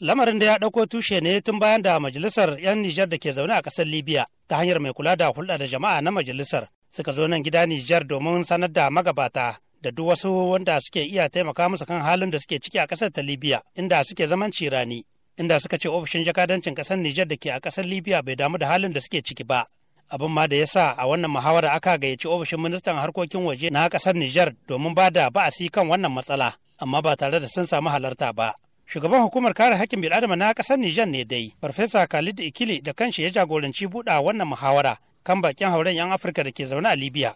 Lamarin da ya ɗauko tushe ne tun bayan da majalisar 'yan Nijar da ke zaune a ƙasar Libya ta hanyar mai kula da hulɗa da jama'a na majalisar suka zo nan gida Nijar domin sanar da magabata da duk wasu wanda suke iya taimaka musu kan halin da suke ciki a ƙasar ta Libya inda suke zaman cirani. Inda suka ce ofishin jakadancin ƙasar Nijar da ke a ƙasar Libya bai damu da halin da suke ciki ba. abin ma da ya sa a wannan muhawara aka gayyaci ofishin ministan harkokin waje na kasar Nijar domin ba da ba'asi kan wannan matsala, amma ba tare da sun samu halarta ba. shugaban hukumar kare hakkin bil'adama na kasar Nijar ne dai farfesa Khalid Ikili da kanshi ya jagoranci buɗa wannan muhawara kan bakin hauren 'yan Afirka da ke zaune a Libya.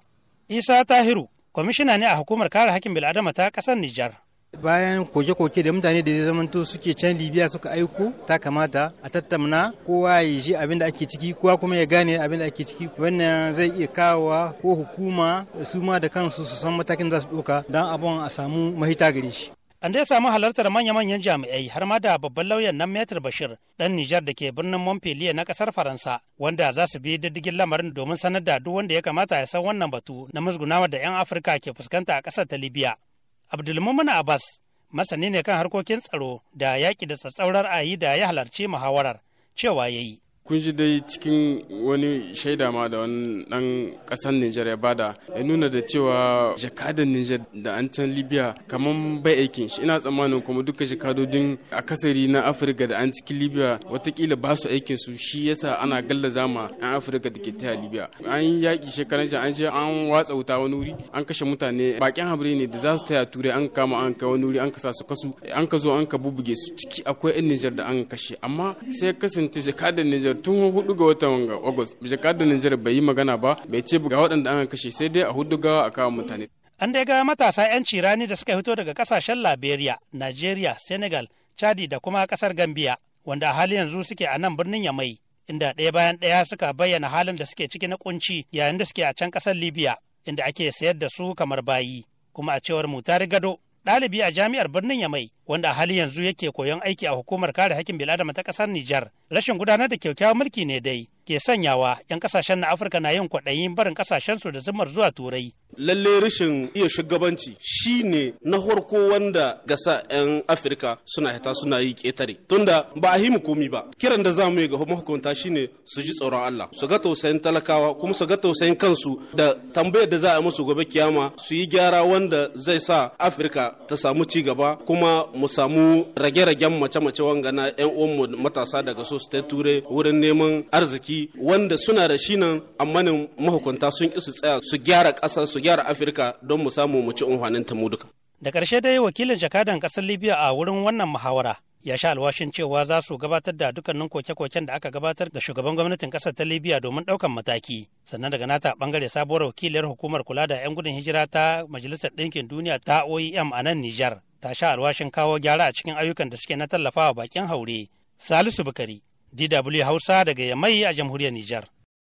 Isa Tahiru kwamishina ne a hukumar kare hakkin bil'adama ta kasar Nijar. bayan koke-koke da mutane da zai zamanto suke can libya suka aiko ta kamata a tattauna kowa ya ji abin da ake ciki kowa kuma ya gane abin da ake ciki wannan zai iya kawowa ko hukuma su ma da kansu su san matakin za su ɗauka don abin a samu mahita gare shi An dai samu halartar manya-manyan jami'ai har ma da babban lauyan nan Metir Bashir ɗan Nijar da ke birnin Montpellier na ƙasar Faransa wanda za su bi diddigin lamarin domin sanar da duk wanda ya kamata ya san wannan batu na musgunawa da 'yan Afirka ke fuskanta a ƙasar ta Libya. Abdulmumin Abbas masani ne kan harkokin tsaro da yaƙi da tsatsaurar ayi da ya halarci muhawarar cewa ya yi. kun ji dai cikin wani shaida ma da wani dan kasar Nijar ya bada ya nuna da cewa jakadan Nijar da an can Libya kamar bai aikin shi ina tsammanin kuma duka jakadodin kasari na Afirka da an cikin Libya watakila ba su aikin su shi yasa ana gallaza ma yan Afirka da ke taya Libya an yaki shekaran an ce an watsa wuta wani wuri an kashe mutane bakin habire ne da za su taya turai an kama an kai wani wuri an kasa su kasu an ka zo an ka bubuge su ciki akwai yan Nijar da an kashe amma sai kasance jakadan Nijar tun hudu ga watan jaka da Nijar bai yi magana ba bai ce ga waɗanda an kashe sai dai a hudu gawa a kawo mutane. An dai ga matasa 'yanci rani da suka fito daga kasashen Liberia, Nigeria, Senegal, Chadi da kuma kasar Gambia wanda a hali yanzu suke a nan birnin Yamai inda ɗaya bayan ɗaya suka bayyana halin da suke ciki na kunci yayin da suke a can kasar Libya inda ake sayar da su kamar bayi kuma a cewar Mutari Gado ɗalibi a jami'ar birnin Yamai wanda a hali yanzu yake koyon aiki a hukumar kare hakkin bil'adama ta ƙasar Nijar. Rashin gudanar da kyaukyawan mulki ne dai ke sanyawa 'yan ƙasashen na Afirka na yin kwaɗayin barin ƙasashensu da zumar zuwa Turai lalle rashin iya shugabanci shine na farko wanda gasa 'yan afirka suna hita suna yi ketare tunda ba a himu komi ba kiran da za mu yi ga mahukunta shine su ji tsoron allah su ga tausayin talakawa kuma su ga tausayin kansu da tambayar da za a musu gobe kiyama su yi gyara wanda zai sa afirka ta samu ci gaba kuma mu samu rage-ragen mace-mace wanga na 'yan uwanmu matasa daga su ta ture wurin neman arziki wanda suna da shi nan amma mahukunta sun ki su tsaya su gyara ƙasa su gyara afirka don mu samu mu ci unhwanin ta mu da ƙarshe dai wakilin jakadan ƙasar libya a wurin wannan muhawara ya sha alwashin cewa za su gabatar da dukkanin koke-koken da aka gabatar ga shugaban gwamnatin kasar ta libya domin ɗaukan mataki sannan daga nata bangare sabuwar wakiliyar hukumar kula da 'yan gudun hijira ta majalisar ɗinkin duniya ta oem a nan nijar ta sha alwashin kawo gyara a cikin ayyukan da suke na tallafawa bakin haure salisu bukari dw hausa daga yamai a jamhuriyar nijar